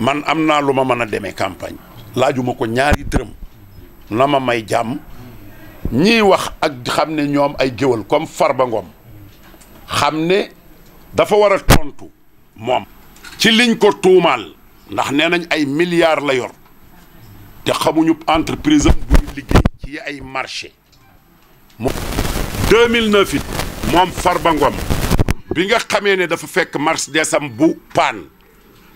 man am naa lu ma mën a demee campagne laajuma ko ñaari dërëm na ma may jàmm ñiy wax ak xam ne ñoom ay géwal comme Farba Ngom xam ne dafa war a tontu moom ci liñ ko tuumaal ndax nee nañ ay milliards la yor te xamuñu entreprise bu ñu liggéey ci ay marché moom 2009 it moom Farba Ngom bi nga xamee ne dafa fekk Mercedes am bu paan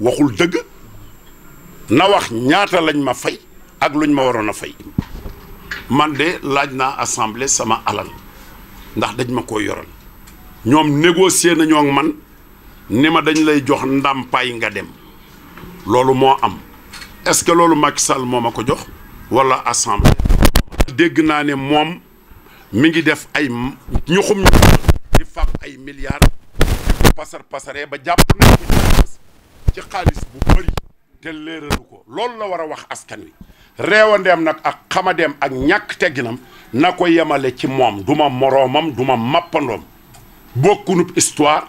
waxul dëgg na wax ñaata lañ ma fay ak luñ ma waroon a fay man de laaj naa assemblée sama alal ndax dañ ma ko yoral ñoom négocier nañoo man ni ma dañ lay jox ndàmpaay nga dem loolu moo am est-ce que loolu Macky Sall moo ma ko jox walla assemblée dégg naa ne moom mi ngi def ay ñuxum ñu di ay milliards di pasar pasaree ba jàpp na ci xaalis bu bëri te léeralu ko loolu la war a wax askan wi réewandeem nag ak xamadeem ak ñàkk tegginam na ko yemale ci moom du moroomam du ma mappandoom bokkunu histoire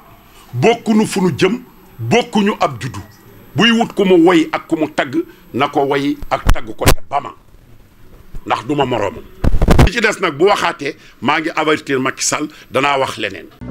bokkunu fu nu jëm bokkuñu ab juddu buy wut ku mu woy ak ku mu tagg na ko woy ak tagg ko te bama ndax du ma moroomam li ci des nag bu waxaatee maa ngi avertir Macky Sall danaa wax leneen